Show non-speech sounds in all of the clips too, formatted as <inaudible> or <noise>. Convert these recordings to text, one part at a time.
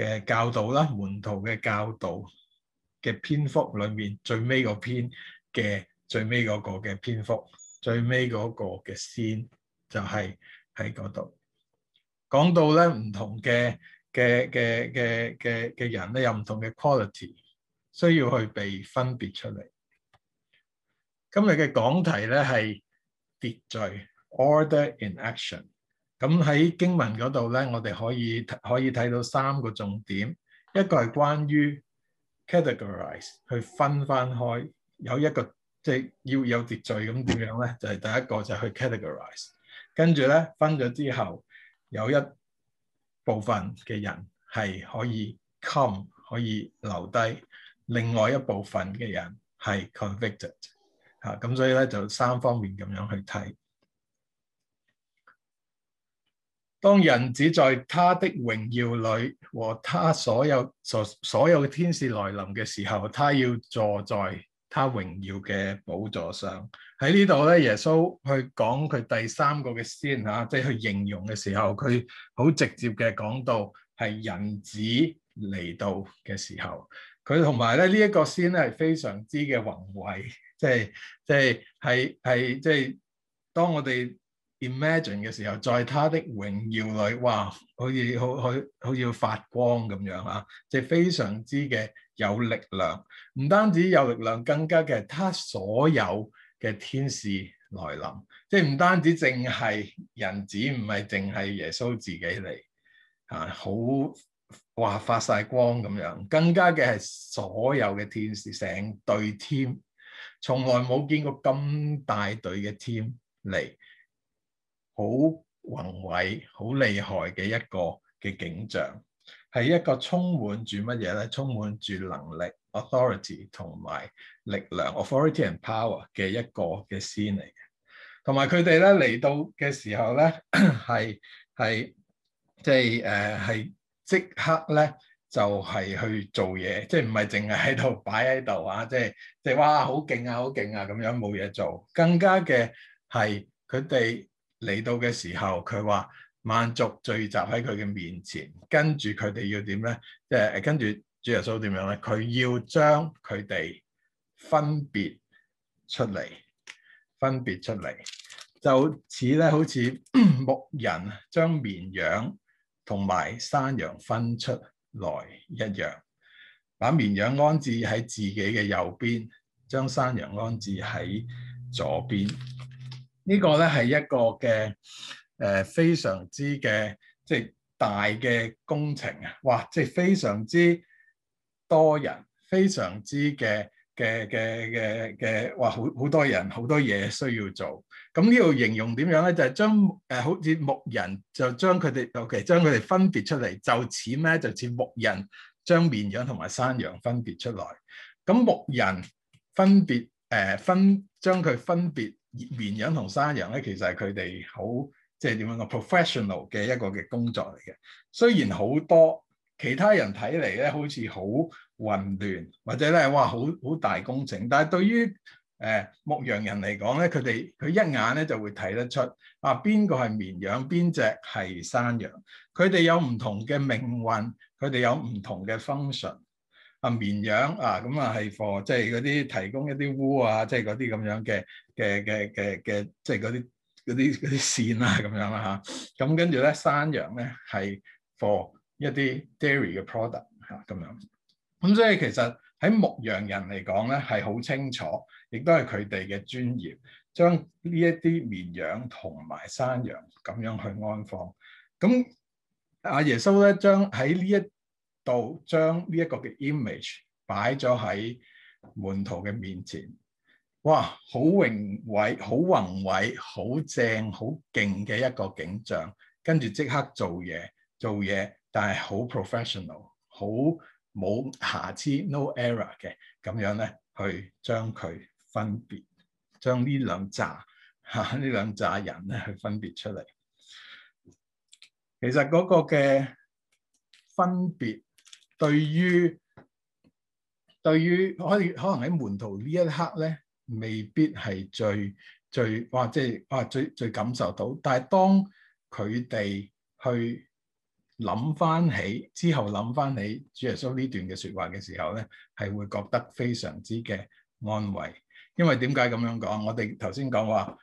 嘅教導啦，門徒嘅教導嘅篇幅裏面最尾嗰篇嘅最尾嗰個嘅篇幅，最尾嗰個嘅先就係喺嗰度。講到咧唔同嘅嘅嘅嘅嘅嘅人咧，有唔同嘅 quality，需要去被分別出嚟。今日嘅講題咧係秩序，order in action。咁喺經文嗰度咧，我哋可以可以睇到三個重點，一個係關於 categorize 去分翻開，有一個即係、就是、要有秩序咁點樣咧，就係、是、第一個就去 categorize，跟住咧分咗之後，有一部分嘅人係可以 come 可以留低，另外一部分嘅人係 convicted 嚇，咁所以咧就三方面咁樣去睇。當人子在他的榮耀裏和他所有所所有嘅天使來臨嘅時候，他要坐在他榮耀嘅寶座上。喺呢度咧，耶穌去講佢第三個嘅先吓，即係去形容嘅時候，佢好直接嘅講到係人子嚟到嘅時候。佢同埋咧呢一個先咧係非常之嘅宏偉，即係即係係係即係當我哋。Imagine 嘅時候，在他的榮耀裏，哇！好似好，好，好似發光咁樣啊！即、就、係、是、非常之嘅有力量，唔單止有力量，更加嘅，他所有嘅天使來臨，即係唔單止淨係人子，唔係淨係耶穌自己嚟啊！好哇，發晒光咁樣，更加嘅係所有嘅天使成隊添，從來冇見過咁大隊嘅 team 嚟。好宏偉、好厲害嘅一個嘅景象，係一個充滿住乜嘢咧？充滿住能力、authority 同埋力量、authority and power 嘅一個嘅 scene 嚟嘅。同埋佢哋咧嚟到嘅時候咧，係係即係誒，係即刻咧就係去做嘢，即係唔係淨係喺度擺喺度啊！即係哇，好勁啊，好勁啊！咁樣冇嘢做，更加嘅係佢哋。嚟到嘅時候，佢話萬族聚集喺佢嘅面前，跟住佢哋要點咧？誒誒，跟住主耶穌點樣咧？佢要將佢哋分別出嚟，分別出嚟，就似咧好似牧人將綿羊同埋山羊分出來一樣，把綿羊安置喺自己嘅右邊，將山羊安置喺左邊。個呢個咧，係一個嘅誒、呃、非常之嘅即係大嘅工程啊！哇，即係非常之多人，非常之嘅嘅嘅嘅嘅哇，好好多人，好多嘢需要做。咁呢度形容點樣咧？就係、是、將誒、呃、好似牧人就將佢哋 ok，將佢哋分別出嚟。就似咩？就似牧人將綿羊同埋山羊分別出來。咁、嗯、牧人分別誒、呃、分將佢分別。綿羊同山羊咧，其實係佢哋好即係點樣個 professional 嘅一個嘅工作嚟嘅。雖然好多其他人睇嚟咧，好似好混亂或者咧，哇，好好大工程。但係對於誒、呃、牧羊人嚟講咧，佢哋佢一眼咧就會睇得出啊，邊個係綿羊，邊隻係山羊。佢哋有唔同嘅命運，佢哋有唔同嘅 function。啊，綿羊啊，咁啊係 for 即係嗰啲提供一啲污啊，即係嗰啲咁樣嘅嘅嘅嘅嘅，即係嗰啲啲啲線啊咁樣啦嚇。咁、啊、跟住咧，山羊咧係 for 一啲 dairy 嘅 product 嚇咁樣。咁、啊啊、所以其實喺牧羊人嚟講咧係好清楚，亦都係佢哋嘅專業，將呢一啲綿羊同埋山羊咁樣去安放。咁阿、啊、耶穌咧，將喺呢一到將呢一個嘅 image 擺咗喺門徒嘅面前，哇！好榮偉、好宏偉、好正、好勁嘅一個景象，跟住即刻做嘢，做嘢，但係好 professional，好冇瑕疵、no error 嘅咁樣咧，去將佢分別，將、啊、呢兩紮嚇呢兩紮人咧去分別出嚟。其實嗰個嘅分別。對於對於可以可能喺門徒呢一刻咧，未必係最最哇，即係哇最最感受到。但係當佢哋去諗翻起之後，諗翻起主耶穌呢段嘅説話嘅時候咧，係會覺得非常之嘅安慰。因為點解咁樣講？我哋頭先講話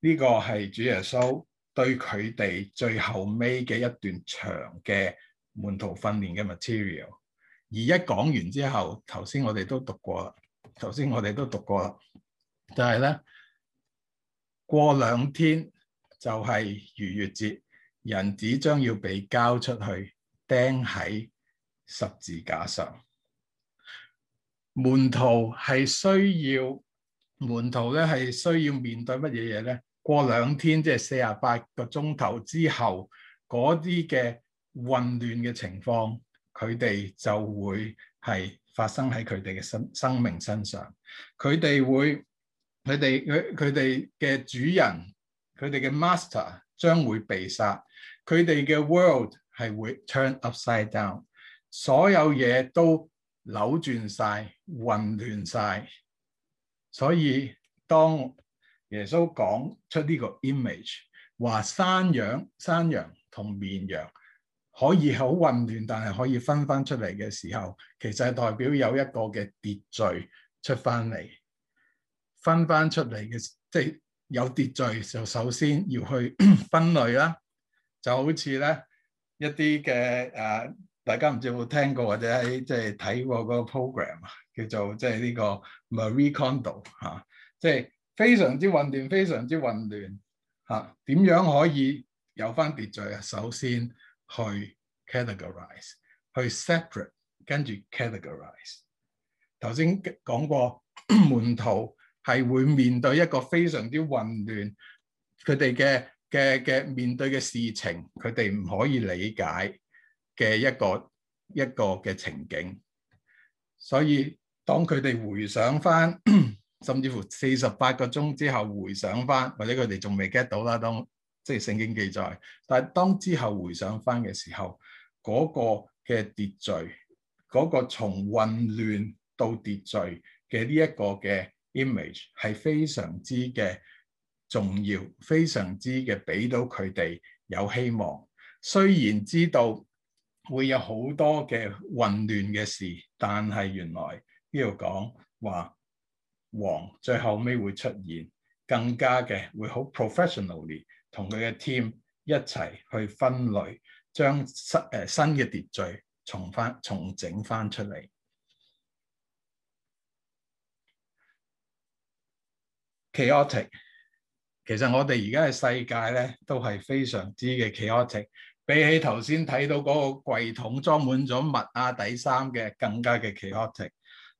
呢個係主耶穌對佢哋最後尾嘅一段長嘅，門徒訓練嘅 material，而一講完之後，頭先我哋都讀過啦。頭先我哋都讀過，就係咧過兩天就係逾越節，人子將要被交出去釘喺十字架上。門徒係需要，門徒咧係需要面對乜嘢嘢咧？過兩天即係四啊八個鐘頭之後，嗰啲嘅。混亂嘅情況，佢哋就會係發生喺佢哋嘅身生命身上。佢哋會，佢哋佢佢哋嘅主人，佢哋嘅 master 將會被殺，佢哋嘅 world 係會 turn upside down，所有嘢都扭轉晒、混亂晒。所以當耶穌講出呢個 image，話山羊、山羊同綿羊。可以好混亂，但係可以分翻出嚟嘅時候，其實係代表有一個嘅秩序出翻嚟，分翻出嚟嘅，即係有秩序就首先要去 <coughs> 分類啦。就好似咧一啲嘅誒，大家唔知有冇聽過或者喺即係睇過嗰個 program 個 ondo，啊，叫做即係呢個 Marie Kondo 嚇，即係非常之混亂，非常之混亂嚇。點、啊、樣可以有翻秩序啊？首先去 categorize，去 separate，跟住 categorize。頭先講過，門徒係會面對一個非常之混亂，佢哋嘅嘅嘅面對嘅事情，佢哋唔可以理解嘅一個一個嘅情景。所以當佢哋回想返，甚至乎四十八個鐘之後回想返，或者佢哋仲未 get 到啦，當。即係聖經記載，但係當之後回想翻嘅時候，嗰個嘅秩序，嗰個從混亂到秩序嘅呢一個嘅 image 係非常之嘅重要，非常之嘅俾到佢哋有希望。雖然知道會有好多嘅混亂嘅事，但係原來呢度講話王最後尾會出現，更加嘅會好 professionally。同佢嘅 team 一齊去分類，將、呃、新誒新嘅秩序重翻重整翻出嚟。Chaotic，其實我哋而家嘅世界咧都係非常之嘅 chaotic。比起頭先睇到嗰個櫃桶裝滿咗襪啊底衫嘅更加嘅 chaotic。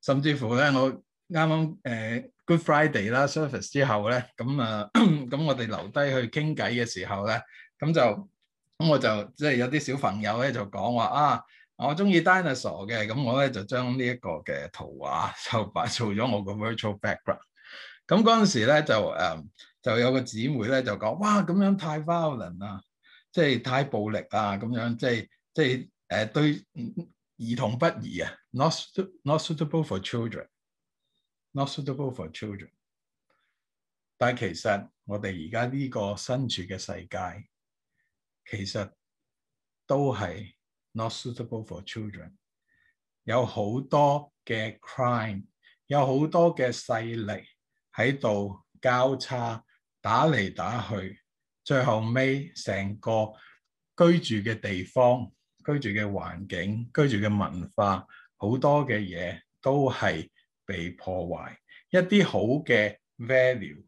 甚至乎咧，我啱啱誒。呃 Friday 啦 service 之後咧，咁啊，咁、uh, <coughs> 我哋留低去傾偈嘅時候咧，咁就咁我就即係、就是、有啲小朋友咧就講話啊，我中意 dinosaur 嘅，咁我咧就將呢一個嘅圖畫就擺做咗我個 virtual background。咁嗰陣時咧就誒、um, 就有個姊妹咧就講，哇，咁樣太 violent 啊，即係、就是、太暴力啊，咁樣即係即係誒對兒童不宜啊，not not suitable for children。Not suitable for children，但其實我哋而家呢個身處嘅世界，其實都係 not suitable for children。有好多嘅 crime，有好多嘅勢力喺度交叉打嚟打去，最後尾，成個居住嘅地方、居住嘅環境、居住嘅文化，好多嘅嘢都係。被破壞，一啲好嘅 value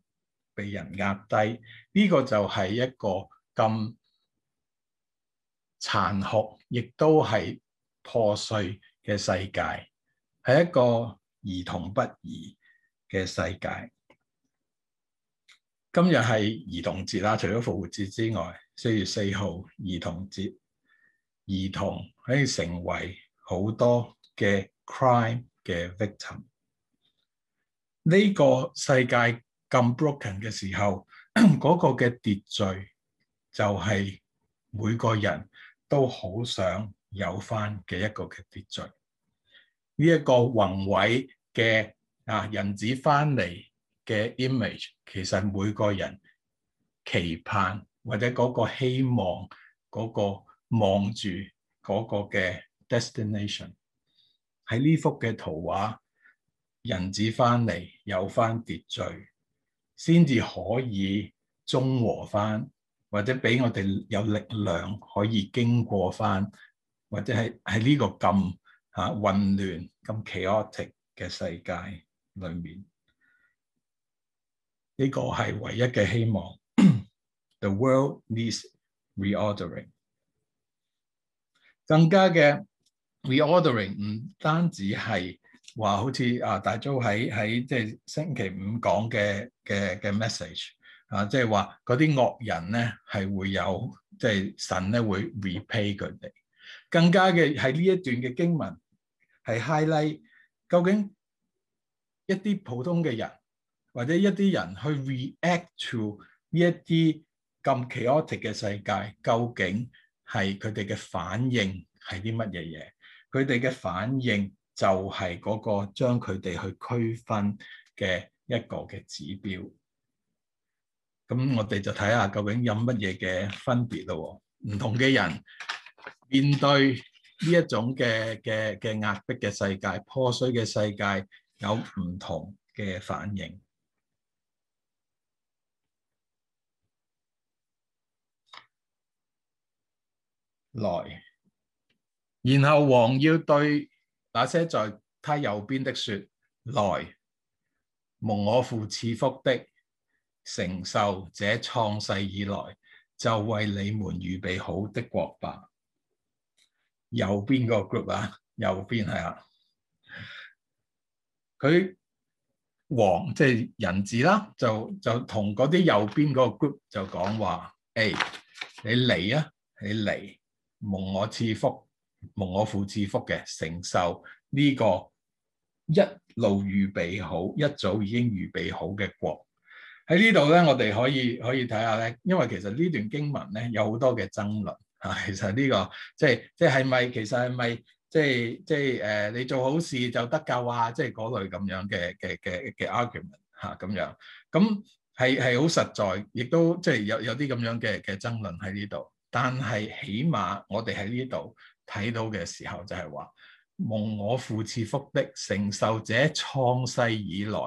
被人壓低，呢個就係一個咁殘酷，亦都係破碎嘅世界，係一個兒童不宜嘅世界。今日係兒童節啦，除咗復活節之外，四月四號兒童節，兒童可以成為好多嘅 crime 嘅 victim。呢個世界咁 broken 嘅時候，嗰、 <coughs> 嗰個嘅秩序就係每個人都好想有翻嘅一個嘅秩序。呢、呢、一個宏偉嘅啊人子翻嚟嘅 image，其實每個人期盼或者嗰個希望嗰、嗰個望住嗰個嘅 destination，喺呢幅嘅圖畫。人子翻嚟有翻秩序，先至可以中和翻，或者俾我哋有力量可以經過翻，或者係喺呢個咁嚇混亂咁 chaotic 嘅世界裏面，呢個係唯一嘅希望。 <coughs> The world needs reordering。更加嘅 reordering 唔單止係。話好似啊，大周喺喺即係星期五講嘅嘅嘅 message 啊，即係話嗰啲惡人咧係會有，即係神咧會 repay 佢哋。更加嘅係呢一段嘅經文係 highlight，究竟一啲普通嘅人或者一啲人去 react to 呢一啲咁 chaotic 嘅世界，究竟係佢哋嘅反應係啲乜嘢嘢？佢哋嘅反應。就係嗰個將佢哋去區分嘅一個嘅指標，咁我哋就睇下究竟有乜嘢嘅分別咯。唔同嘅人面對呢一種嘅嘅嘅壓迫嘅世界、破碎嘅世界，有唔同嘅反應。來，然後王要對。那些在他右邊的說：來，蒙我父賜福的，承受者創世以來就為你們預備好的國吧。右邊個 group 啊，右邊係啊，佢王即係人子啦，就就同嗰啲右邊個 group 就講話：誒、hey,，你嚟啊，你嚟，蒙我賜福。蒙我父賜福嘅承受呢個一路預備好，一早已經預備好嘅國喺呢度咧，我哋可以可以睇下咧，因為其實呢段經文咧有好多嘅爭論吓、啊，其實呢、這個即係即係係咪其實係咪即係即係誒你做好事就得救啊？即係嗰類咁樣嘅嘅嘅嘅 argument 吓、啊、咁樣，咁係係好實在，亦都即係、就是、有有啲咁樣嘅嘅爭論喺呢度，但係起碼我哋喺呢度。睇到嘅時候就係話，蒙我父賜福的承受者，創世以來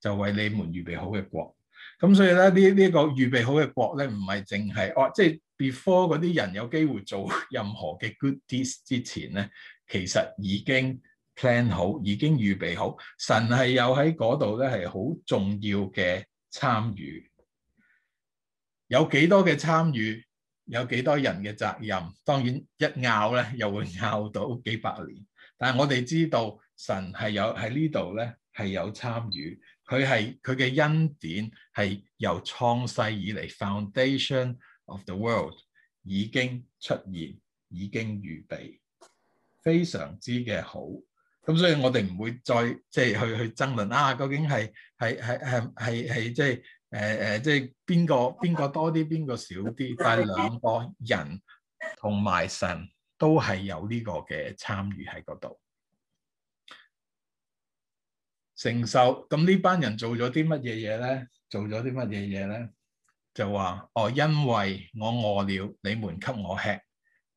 就為你們預備好嘅國。咁所以咧，呢、這、呢個預備好嘅國咧，唔係淨係哦，即、就、係、是、before 嗰啲人有機會做任何嘅 good deeds 之前咧，其實已經 plan 好，已經預備好。神係有喺嗰度咧，係好重要嘅參與。有幾多嘅參與？有幾多人嘅責任？當然一拗咧，又會拗到幾百年。但係我哋知道神係有喺呢度咧，係有參與。佢係，佢嘅恩典係由創世以嚟 Foundation of the world 已經出現，已經預備，非常之嘅好。咁所以我哋唔會再即係去去爭論啊，究竟係係係係係係即係。誒誒、呃，即係邊個邊個多啲，邊個少啲，但係兩個人同埋神都係有呢個嘅參與喺嗰度，承受。咁呢班人做咗啲乜嘢嘢咧？做咗啲乜嘢嘢咧？就話哦，因為我餓了，你們給我吃；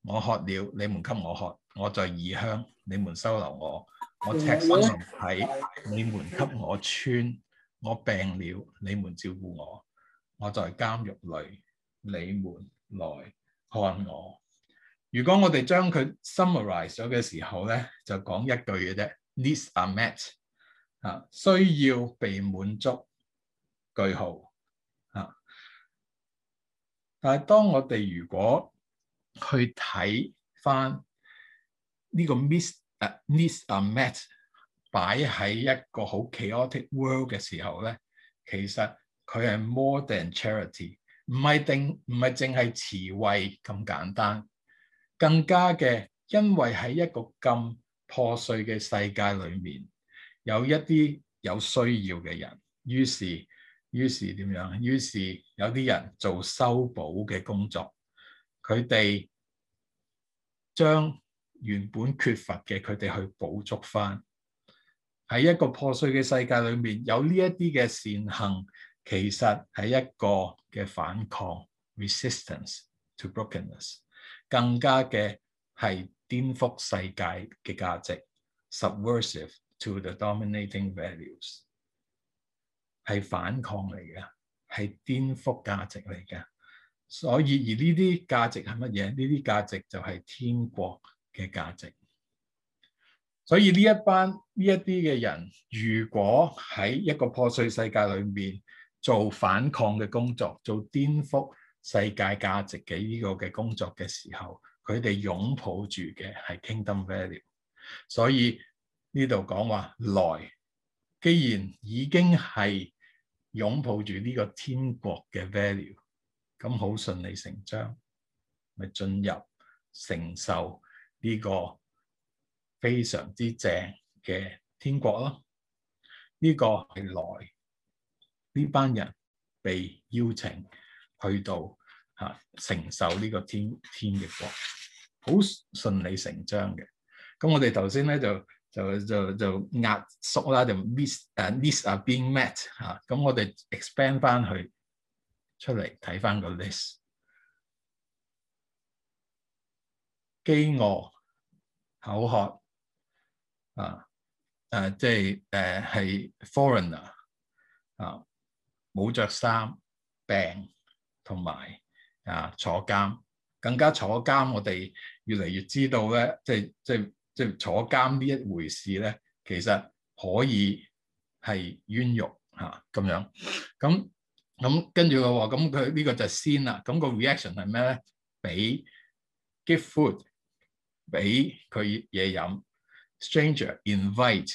我渴了，你們給我喝；我在異鄉，你們收留我；我赤身露體，你們給我穿。我病了，你們照顧我。我在監獄裡，你們來看我。如果我哋將佢 summarize 咗嘅時候咧，就講一句嘅啫，needs are met 啊，需要被滿足。句號啊。但係當我哋如果去睇返呢個 miss 啊，needs are met。啊擺喺一個好 chaotic world 嘅時候咧，其實佢係 more than charity，唔係定唔係淨係慈惠咁簡單，更加嘅，因為喺一個咁破碎嘅世界裡面，有一啲有需要嘅人，於是於是點樣？於是有啲人做修補嘅工作，佢哋將原本缺乏嘅佢哋去補足返。喺一個破碎嘅世界裏面，有呢一啲嘅善行，其實係一個嘅反抗 （resistance to brokenness），更加嘅係顛覆世界嘅價值 （subversive to the dominating values）。係反抗嚟嘅，係顛覆價值嚟嘅。所以而呢啲價值係乜嘢？呢啲價值就係天國嘅價值。所以呢一班呢一啲嘅人，如果喺一個破碎世界裏面做反抗嘅工作，做顛覆世界價值嘅呢個嘅工作嘅時候，佢哋擁抱住嘅係 Kingdom Value。所以呢度講話，來既然已經係擁抱住呢個天國嘅 value，咁好順理成章，咪進入承受呢個。非常之正嘅天國咯，呢個係來，呢班人被邀請去到嚇承受呢個天天嘅國，好順理成章嘅。咁我哋頭先呢就就就就壓縮啦，就 miss 誒 miss 啊 being met 嚇。咁我哋 expand 翻去出嚟睇翻個 list，飢餓、口渴。啊，誒即係誒係 foreigner 啊、uh,，冇着衫病同埋啊坐監，更加坐監。我哋越嚟越知道咧，即係即係即係坐監呢一回事咧，其實可以係冤獄嚇咁、啊、樣。咁咁跟住我話，咁佢呢個就先啦。咁、個 reaction 係咩咧？俾 give food，俾佢嘢飲。Stranger invite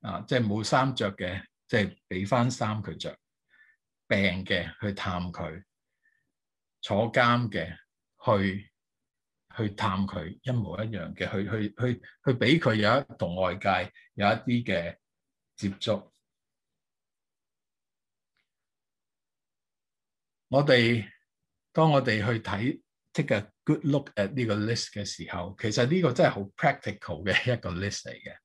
啊，即係冇衫着嘅，即係俾翻衫佢着；病嘅去探佢，坐監嘅去去探佢，一模一樣嘅，去去去去俾佢有一同外界有一啲嘅接觸。我哋當我哋去睇即係。Good look at 呢個 list 嘅時候，其實呢個真係好 practical 嘅一個 list 嚟嘅，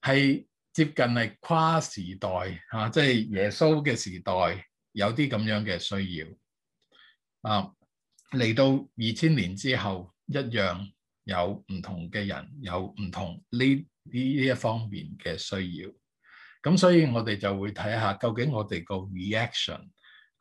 係接近係跨時代嚇，即係耶穌嘅時代有啲咁樣嘅需要啊，嚟到二千年之後一樣有唔同嘅人有唔同呢呢呢一方面嘅需要，咁所以我哋就會睇下究竟我哋個 reaction。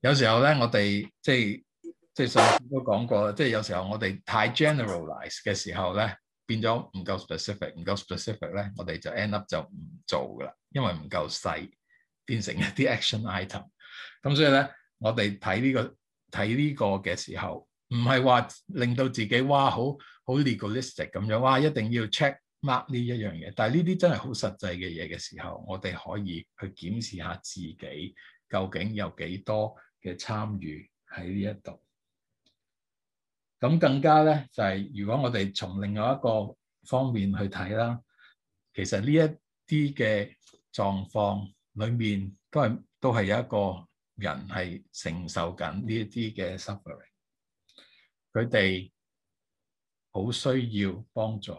有時候咧，我哋即係即係上次都講過啦，即係有時候我哋太 generalize 嘅時候咧，變咗唔夠 specific，唔夠 specific 咧，我哋就 end up 就唔做噶啦，因為唔夠細，變成一啲 action item。咁所以咧，我哋睇呢個睇呢個嘅時候，唔係話令到自己哇好好 legalistic 咁樣，哇一定要 check mark 呢一樣嘢。但係呢啲真係好實際嘅嘢嘅時候，我哋可以去檢視下自己究竟有幾多嘅參與喺呢一度，咁更加咧就係如果我哋從另外一個方面去睇啦，其實呢一啲嘅狀況裏面都係都係有一個人係承受緊呢一啲嘅 suffering，佢哋好需要幫助，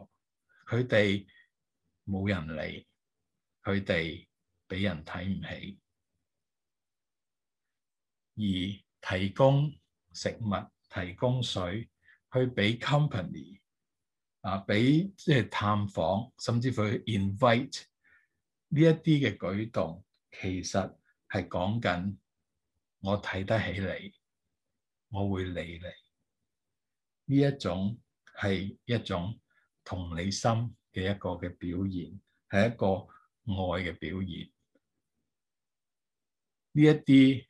佢哋冇人嚟，佢哋俾人睇唔起。而提供食物、提供水，去俾 company 啊，俾即係探訪，甚至乎去 invite 呢一啲嘅舉動，其實係講緊我睇得起你，我會理你。呢一種係一種同理心嘅一個嘅表現，係一個愛嘅表現。呢一啲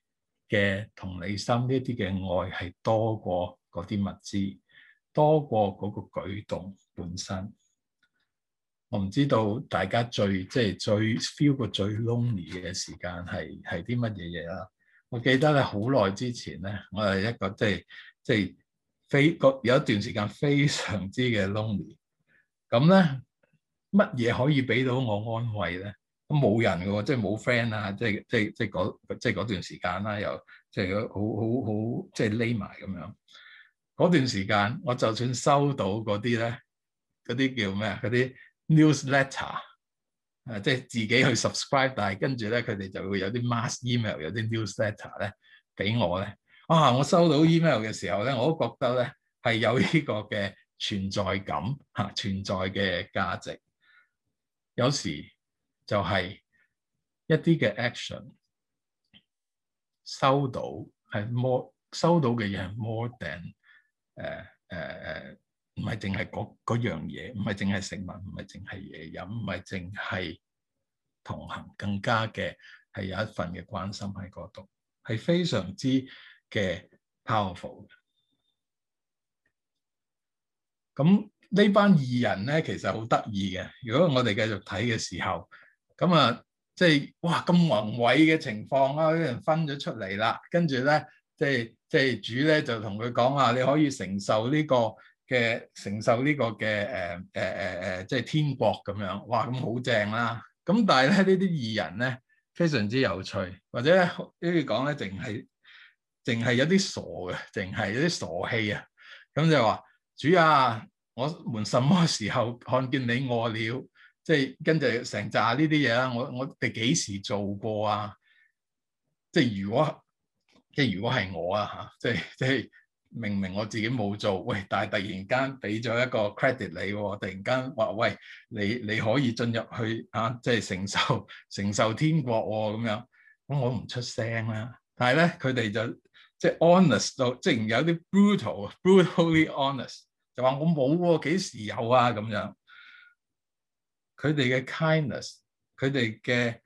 嘅同理心呢啲嘅愛係多過嗰啲物資，多過嗰個舉動本身。我唔知道大家最即係最 feel 過最 lonely 嘅時間係係啲乜嘢嘢啦。我記得咧好耐之前咧，我係一個即係即係非個有一段時間非常之嘅 lonely。咁咧乜嘢可以俾到我安慰咧？都冇人嘅喎，即係冇 friend 啦，即係即係即係嗰即係段時間啦，又即係好好好即係匿埋咁樣。嗰段時間我就算收到嗰啲咧，嗰啲叫咩啊？嗰啲 news letter 啊，即係自己去 subscribe，但係跟住咧佢哋就會有啲 mass email，有啲 news letter 咧俾我咧。啊，我收到 email 嘅時候咧，我都覺得咧係有呢個嘅存在感嚇、啊，存在嘅價值。有時。就係一啲嘅 action，收到係 more，收到嘅嘢係 more than 誒誒誒，唔係淨係嗰嗰樣嘢，唔係淨係食物，唔係淨係嘢飲，唔係淨係同行，更加嘅係有一份嘅關心喺嗰度，係非常之嘅 powerful。咁呢班異人咧，其實好得意嘅。如果我哋繼續睇嘅時候，咁、嗯就是、啊，即係哇，咁宏偉嘅情況啦，啲人分咗出嚟啦，呢就是就是、呢跟住咧，即係即係主咧就同佢講啊，你可以承受呢個嘅承受呢個嘅誒誒誒誒，即、呃、係、呃就是、天國咁樣，哇，咁好正啦、啊！咁但係咧呢啲義人咧，非常之有趣，或者呢啲講咧，淨係淨係有啲傻嘅，淨係有啲傻氣啊！咁、嗯、就話、是、主啊，我們什麼時候看見你餓了？即係跟住成扎呢啲嘢啦，我我哋幾時做過啊？即係如果即係如果係我啊嚇，即係即係明明我自己冇做，喂，但係突然間俾咗一個 credit 你、哦，突然間話喂，你你可以進入去啊，即係承受承受天國喎、哦、咁樣，咁我唔出聲啦。但係咧，佢哋就即係 honest 到，即係有啲 brutal，brutally honest，就話我冇喎、啊，幾時有啊咁樣？佢哋嘅 kindness，佢哋嘅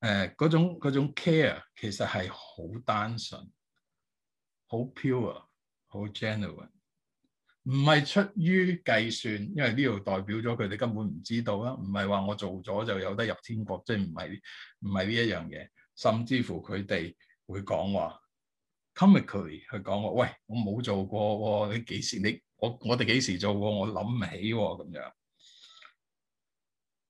誒嗰、呃、種、種 care 其實係好單純，好 pure，好 genuine，唔係出於計算，因為呢度代表咗佢哋根本唔知道啦，唔係話我做咗就有得入天國，即係唔係唔係呢一樣嘢。甚至乎佢哋會講話，comically 去講話，喂，我冇做過喎、哦，你幾時？你我我哋幾時做過？我諗唔起喎、哦，咁樣。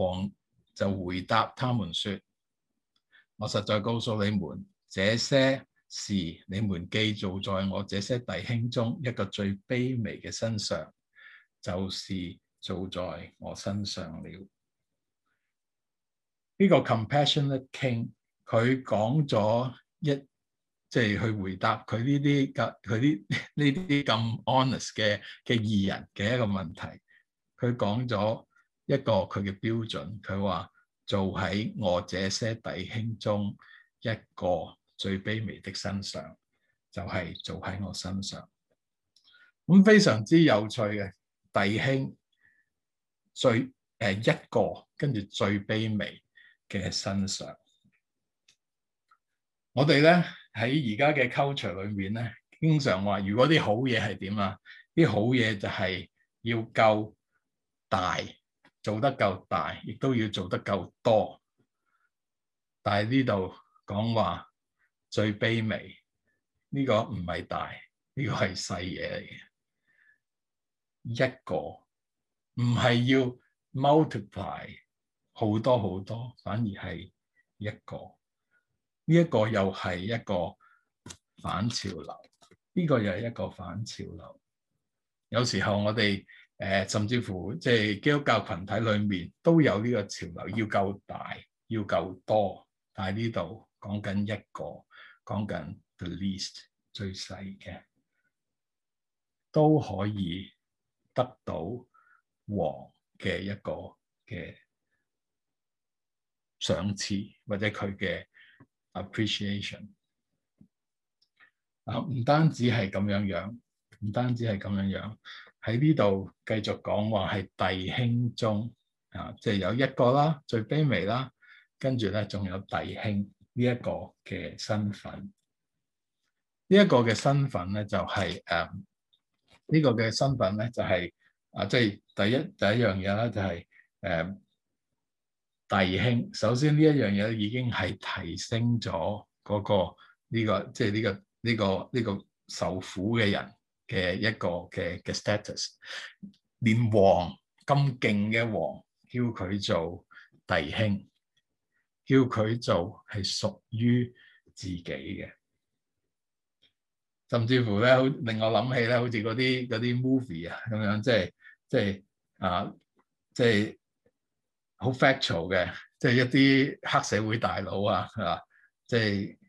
王就回答他們說：我實在告訴你們，這些事你們既做在我這些弟兄中一個最卑微嘅身上，就是做在我身上了。呢、這個 compassionate king，佢講咗一，即係去回答佢呢啲咁佢啲呢啲咁 honest 嘅嘅義人嘅一個問題，佢講咗。一個佢嘅標準，佢話做喺我這些弟兄中一個最卑微的身上，就係、是、做喺我身上。咁非常之有趣嘅弟兄最，最誒一個跟住最卑微嘅身上。我哋咧喺而家嘅 culture 裏面咧，經常話：如果啲好嘢係點啊？啲好嘢就係要夠大，做得夠大，亦都要做得夠多。但係呢度講話最卑微，呢個唔係大，呢個係細嘢嚟嘅。一個唔係要 multiply 好多好多，反而係一個。呢一個又係一個反潮流，呢個又係一個反潮流。有時候我哋。誒，甚至乎即係基督教群體裏面都有呢個潮流，要夠大，要夠多。但係呢度講緊一個，講緊 the least 最細嘅，都可以得到王嘅一個嘅賞賜，或者佢嘅 appreciation。啊，唔單止係咁樣樣，唔單止係咁樣樣。喺呢度繼續講話係弟兄中啊，即係有一個啦，最卑微啦，跟住咧仲有弟兄呢一個嘅身份。呢一個嘅身份咧就係誒，呢個嘅身份咧就係啊，即係第一第一樣嘢啦，就係誒弟兄。首先呢一樣嘢已經係提升咗嗰個呢個即係呢個呢個呢個受苦嘅人。嘅一個嘅嘅 status，連王咁勁嘅王，叫佢做弟兄，叫佢做係屬於自己嘅，甚至乎咧令我諗起咧，好似嗰啲嗰啲 movie 啊咁樣，即係即係啊，即係好 factual 嘅，即係一啲黑社會大佬啊啊，即係。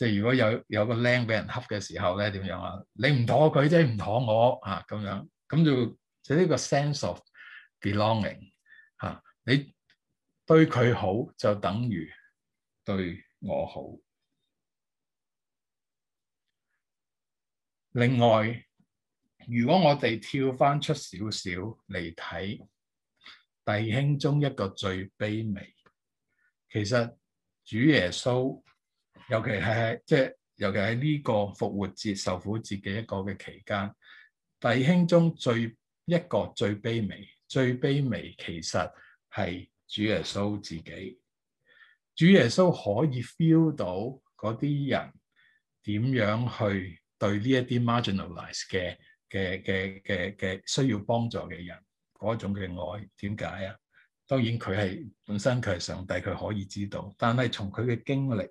即係如果有有個僆俾人恰嘅時候咧點樣？啊，樣，樣啊？你唔妥佢即係，唔妥我嚇咁樣，咁就就呢個 sense of belonging 嚇。你對佢好就等於對我好。另外，如果我哋跳翻出少少嚟睇弟兄中一個最卑微，其實主耶穌。尤其係喺即係，尤其喺呢個復活節、受苦節嘅一個嘅期間，弟兄中最一個最卑微、最卑微，其實係主耶穌自己。主耶穌可以 feel 到嗰啲人點樣去對呢一啲 marginalized 嘅嘅嘅嘅嘅需要幫助嘅人嗰種嘅愛。點解啊？當然佢係本身佢係上帝，佢可以知道，但係從佢嘅經歷。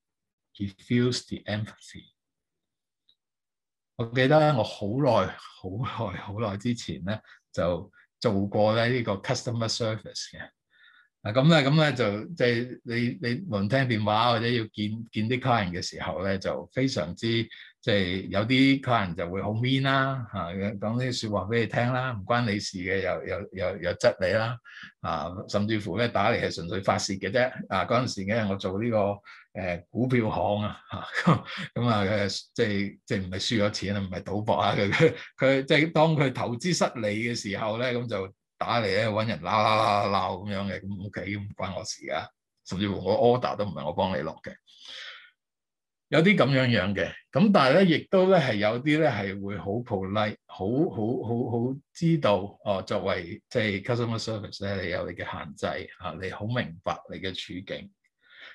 refuse the empathy。我記得我好耐、好耐、好 <noise> 耐之前咧就做過咧呢個 customer service 嘅。嗱咁咧、咁、嗯、咧、嗯嗯、就即係、就是、你你輪聽電話或者要見見啲客人嘅時候咧，就非常之即係、就是、有啲客人就會好 mean 啦、啊、嚇，講啲説話俾你聽啦，唔關你的事嘅又又又又質你啦啊，甚至乎咧打嚟係純粹發泄嘅啫啊！嗰、那、陣、個、時咧我做呢、這個。誒、哎，股票行啊，吓、啊、咁啊，啊，即係即係唔係輸咗錢啊，唔係賭博啊，佢、啊、佢即係當佢投資失利嘅時候咧，咁就打嚟，咧，搵人鬧鬧鬧鬧咁樣嘅，咁 OK，唔關我事啊，甚至乎我 order 都唔係我幫你落嘅，有啲咁樣樣嘅，咁、啊、但係咧，亦都咧係有啲咧係會好 polite，好好好好知道哦、啊，作為即係 customer service 咧，你有你嘅限制吓、啊，你好明白你嘅處境。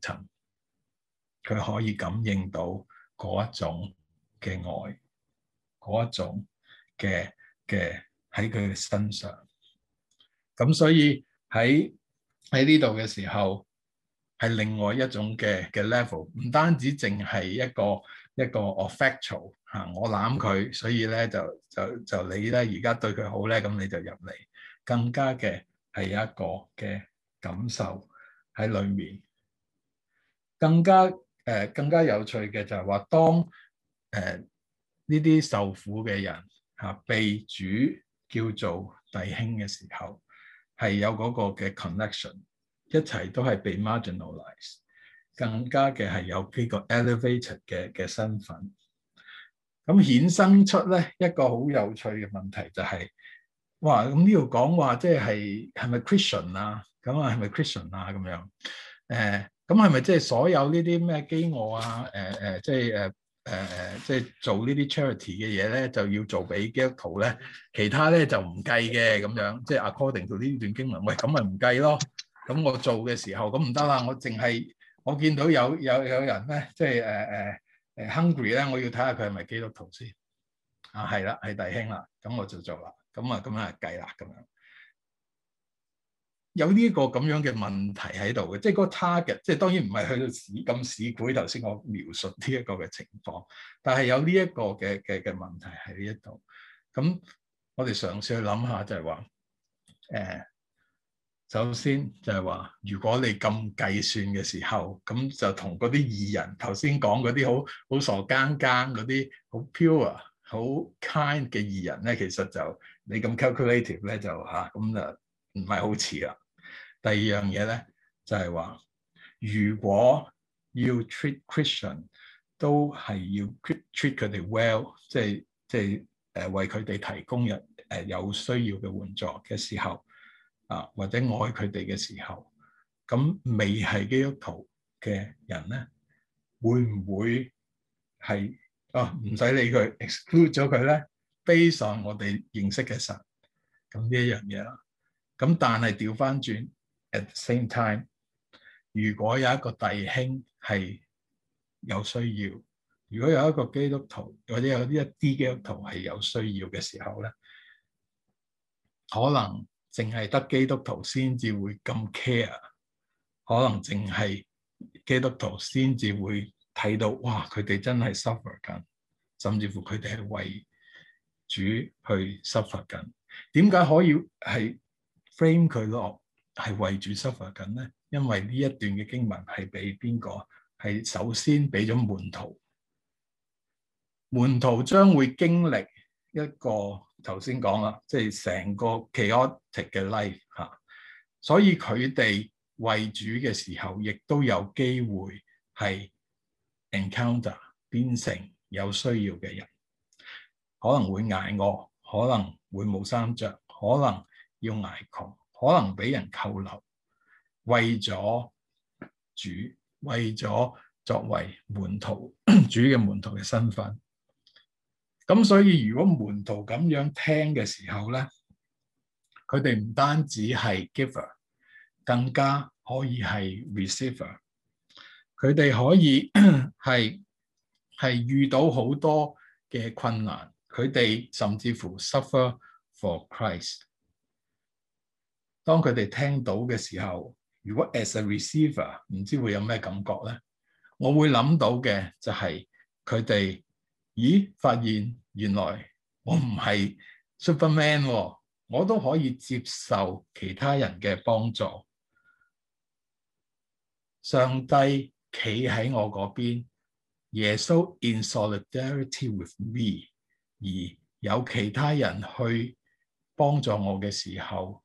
層，佢可以感應到嗰一種嘅愛，嗰一種嘅嘅喺佢嘅身上。咁所以喺喺呢度嘅時候，係另外一種嘅嘅 level，唔單止淨係一個一個 effectual 吓，我攬佢，所以咧就就就你咧而家對佢好咧，咁你就入嚟，更加嘅係一個嘅感受喺裏面。更加誒、呃，更加有趣嘅就係話，當誒呢啲受苦嘅人吓、啊、被主叫做弟兄嘅時候，係有嗰個嘅 connection，一齊都係被 m a r g i n a l i z e 更加嘅係有呢個 elevated 嘅嘅身份。咁衍生出咧一個好有趣嘅問題就係、是，哇！咁呢度講話即係係咪 Christian 啊？咁啊係咪 Christian 啊？咁樣誒。呃咁係咪即係所有呢啲咩饑餓啊？誒、呃、誒，即係誒誒誒，即係做呢啲 charity 嘅嘢咧，就要做俾基督徒咧？其他咧就唔計嘅咁樣，即係 according to 呢段經文，喂咁咪唔計咯？咁我做嘅時候，咁唔得啦！我淨係我見到有有有人咧，即係誒誒誒 hungry 咧，我要睇下佢係咪基督徒先。啊，係啦，係弟兄啦，咁我就做啦。咁啊，咁啊計啦咁樣。有呢一個咁樣嘅問題喺度嘅，即係嗰個 target，即係當然唔係去到市咁市儈。頭先我描述呢一個嘅情況，但係有呢一個嘅嘅嘅問題喺呢一度。咁我哋嘗試去諗下就，就係話，誒，首先就係話，如果你咁計算嘅時候，咁就同嗰啲異人頭先講嗰啲好好傻更更嗰啲好 pure、好 kind 嘅異人咧，其實就你咁 calculative 咧，啊、就吓，咁就唔係好似啦。第二樣嘢咧，就係話，如果要 treat Christian 都係要 treat 佢哋 well，即係即係誒為佢哋提供入誒有需要嘅援助嘅時候啊，或者愛佢哋嘅時候，咁未係基督徒嘅人咧，會唔會係啊唔使理佢 exclude 咗佢咧？Based on 我哋認識嘅神，咁呢一樣嘢啦。咁但係調翻轉。At the same time，如果有一個弟兄係有需要，如果有一個基督徒或者有啲一啲基督徒係有需要嘅時候咧，可能淨係得基督徒先至會咁 care，可能淨係基督徒先至會睇到，哇，佢哋真係 suffer 緊，甚至乎佢哋係為主去 suffer 緊。點解可以係 frame 佢落？係為主 suffer 緊咧，因為呢一段嘅經文係俾邊個？係首先俾咗門徒，門徒將會經歷一個頭先講啦，即係成個 chaotic 嘅 life 哈，所以佢哋為主嘅時候，亦都有機會係 encounter 變成有需要嘅人，可能會挨餓，可能會冇衫着，可能要挨窮。可能俾人扣留，為咗主，為咗作為門徒， <coughs> 主嘅門徒嘅身份。咁所以，如果門徒咁樣聽嘅時候咧，佢哋唔單止係 giver，更加可以係 receiver。佢哋可以係係 <coughs> 遇到好多嘅困難，佢哋甚至乎 suffer for Christ。當佢哋聽到嘅時候，如果 as a receiver，唔知會有咩感覺咧？我會諗到嘅就係佢哋咦，發現原來我唔係 Superman，哦，我都可以接受其他人嘅幫助。上帝企喺我嗰邊，耶穌 in solidarity with me，而有其他人去幫助我嘅時候。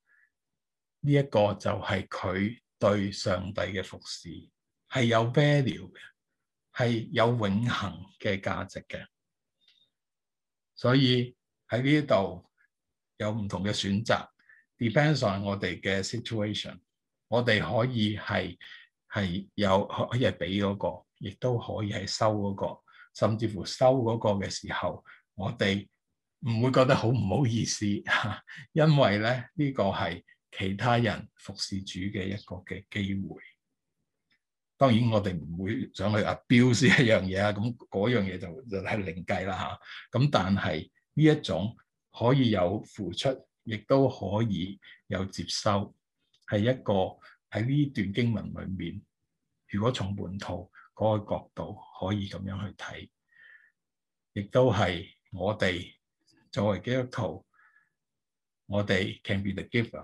呢一個就係佢對上帝嘅服侍，係有 value 嘅，係有永恒嘅價值嘅。所以喺呢度有唔同嘅選擇，depends on 我哋嘅 situation。我哋可以係係有可以係俾嗰個，亦都可以係收嗰個，甚至乎收嗰個嘅時候，我哋唔會覺得好唔好意思，因為咧呢個係。其他人服侍主嘅一個嘅機會，當然我哋唔會想去話標示一樣嘢，就是、啊，咁嗰樣嘢就就係另計啦嚇。咁但係呢一種可以有付出，亦都可以有接收，係一個喺呢段經文裏面，如果從本土嗰，嗰個角度可以咁樣去睇，亦都係我哋作為基督徒，我哋 can be the giver。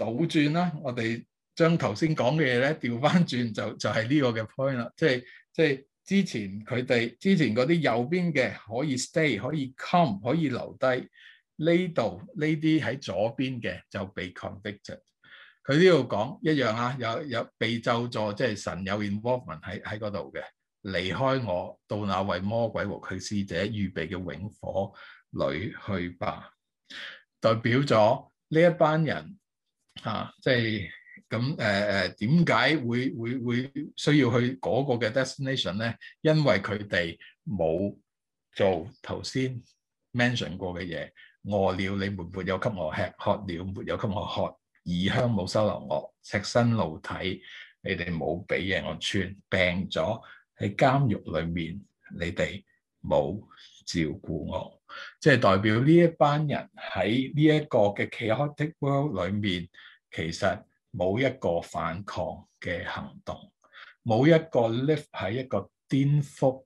倒轉啦！我哋將頭先講嘅嘢咧調翻轉，就就係呢個嘅 point 啦。即係即係之前佢哋之前嗰啲右邊嘅可以 stay 可以 come 可以留低呢度呢啲喺左邊嘅就被 convicted。佢呢度講一樣啊，有有被咒助，即係神有 involvement 喺喺嗰度嘅離開我，到那位魔鬼和佢使者預備嘅永火裏去吧。代表咗呢一班人。啊，即係咁誒誒，點解、呃、會會會需要去嗰個嘅 destination 咧？因為佢哋冇做頭先 mention 過嘅嘢。餓了你們沒有給我吃，渴了沒有給我喝，異鄉冇收留我，赤身露體，你哋冇俾嘢我穿，病咗喺監獄裏面，你哋冇照顧我。即係代表呢一班人喺呢一個嘅 chaotic world 裏面，其實冇一個反抗嘅行動，冇一個 lift 喺一個顛覆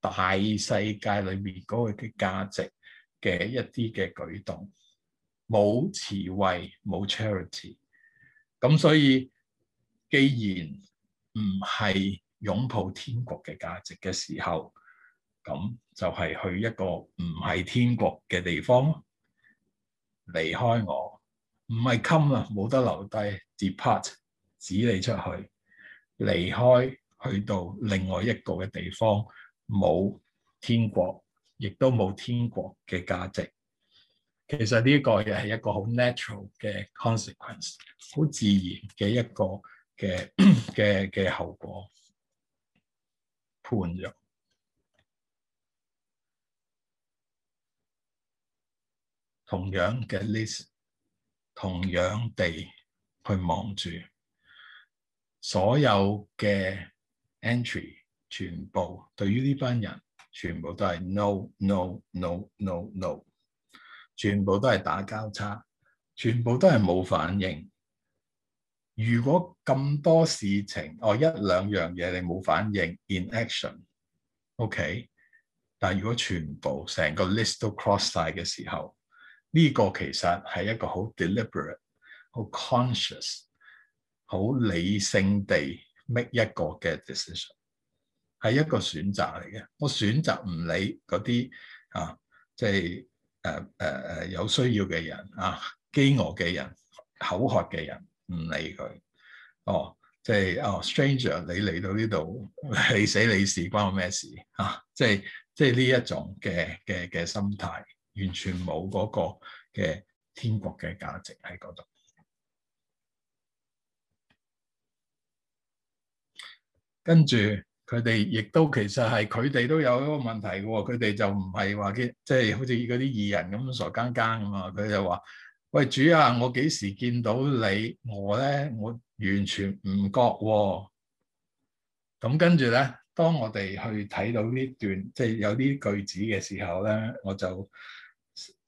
大世界裏面嗰個嘅價值嘅一啲嘅舉動，冇慈惠、冇 charity，咁所以既然唔係擁抱天國嘅價值嘅時候。咁就係去一個唔係天國嘅地方，離開我，唔係襟啦，冇得留低，depart 指你出去，離開去到另外一個嘅地方，冇天國，亦都冇天國嘅價值。其實呢個嘢係一個好 natural 嘅 consequence，好自然嘅一個嘅嘅嘅後果，判若。同樣嘅 list，同樣地去望住所有嘅 entry，全部對於呢班人全部都係 no, no, no, no, no, no，全部都係打交叉，全部都係冇反應。如果咁多事情，哦，一兩樣嘢你冇反應 in action，OK，okay? 但係如果全部成個 list 都 cross 曬嘅時候。呢個其實係一個好 deliberate、好 conscious、好理性地 make 一個嘅 decision，係一個選擇嚟嘅。我選擇唔理嗰啲啊，即係誒誒誒有需要嘅人啊，飢餓嘅人、口渴嘅人，唔理佢。哦，即係哦 stranger，你嚟到呢度，你死你事，關我咩事啊？即係即係呢一種嘅嘅嘅心態。完全冇嗰個嘅天國嘅價值喺嗰度。跟住佢哋亦都其實係佢哋都有一個問題嘅，佢哋就唔係話啲即係好似嗰啲義人咁傻更更咁嘛！佢就話，喂主啊，我幾時見到你我咧？我完全唔覺喎。咁跟住咧，當我哋去睇到呢段即係有啲句子嘅時候咧，我就。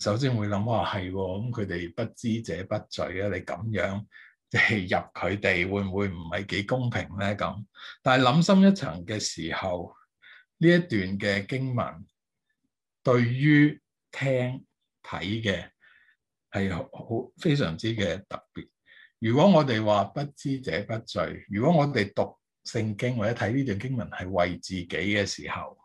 首先會諗話係喎，咁佢哋不知者不罪呀，你咁樣即係入佢哋會唔會唔係幾公平咧？咁，但係諗深一層嘅時候，呢一段嘅經文對於聽睇嘅係好非常之嘅特別。如果我哋話不知者不罪，如果我哋讀聖經或者睇呢段經文係為自己嘅時候，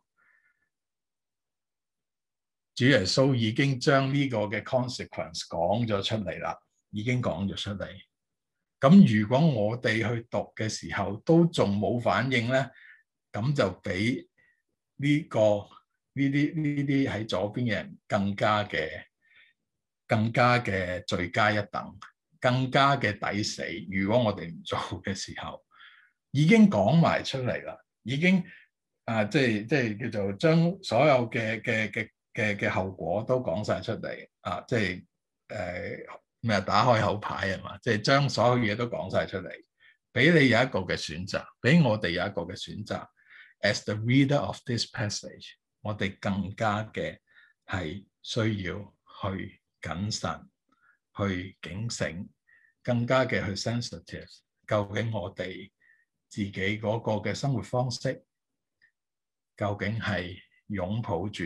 主耶穌已經將呢個嘅 consequence 講咗出嚟啦，已經講咗出嚟。咁如果我哋去讀嘅時候都仲冇反應咧，咁就俾呢個呢啲呢啲喺左邊嘅人更加嘅，更加嘅罪加一等，更加嘅抵死。如果我哋唔做嘅時候，已經講埋出嚟啦，已經啊，即係即係叫做將所有嘅嘅嘅。嘅嘅後果都講晒出嚟啊！即係誒咩？打開口牌啊嘛？即係將所有嘢都講晒出嚟，俾你有一個嘅選擇，俾我哋有一個嘅選擇，As the reader of this passage，我哋更加嘅係需要去謹慎、去警醒，更加嘅去 sensitive。究竟我哋自己嗰個嘅生活方式，究竟係擁抱住？.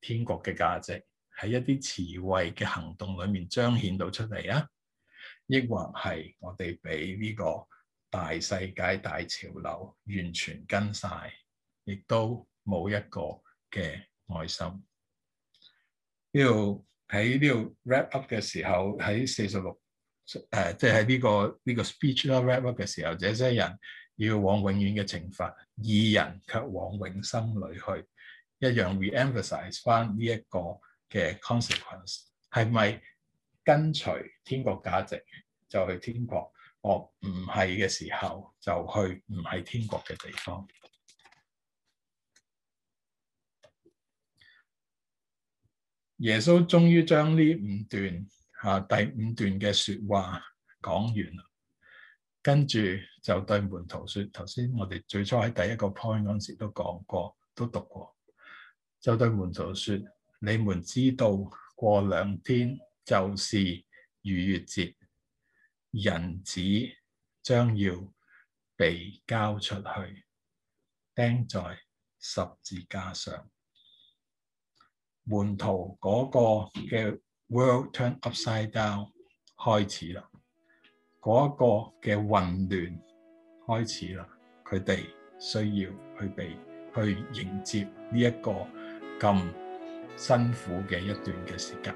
天國嘅價值喺一啲慈惠嘅行動裏面彰顯到出嚟啊！抑或係我哋俾呢個大世界大潮流完全跟晒，亦都冇一個嘅愛心。呢度喺呢度 wrap up 嘅時候，喺四十六誒，即係喺呢個呢、呢個 speech 啦，wrap up 嘅時候，這些人要往永遠嘅懲罰，義人卻往永生裏去。一樣 reemphasize 翻呢一個嘅 consequence 係咪跟隨天國價值就去天國。我唔係嘅時候就去唔係天國嘅地方。耶穌終於將呢五段嚇、啊、第五段嘅説話講完啦，跟住就對門徒說：頭先我哋最初喺第一個 point 嗰陣時都講過，都讀過。就對門徒說：你們知道過兩天就是逾越節，人子將要被交出去，釘在十字架上。門徒嗰個嘅 world turn upside down 開始啦，嗰、嗰個嘅混亂開始啦。佢哋需要佢哋去迎接呢、呢、一個。咁辛苦嘅一段嘅時間。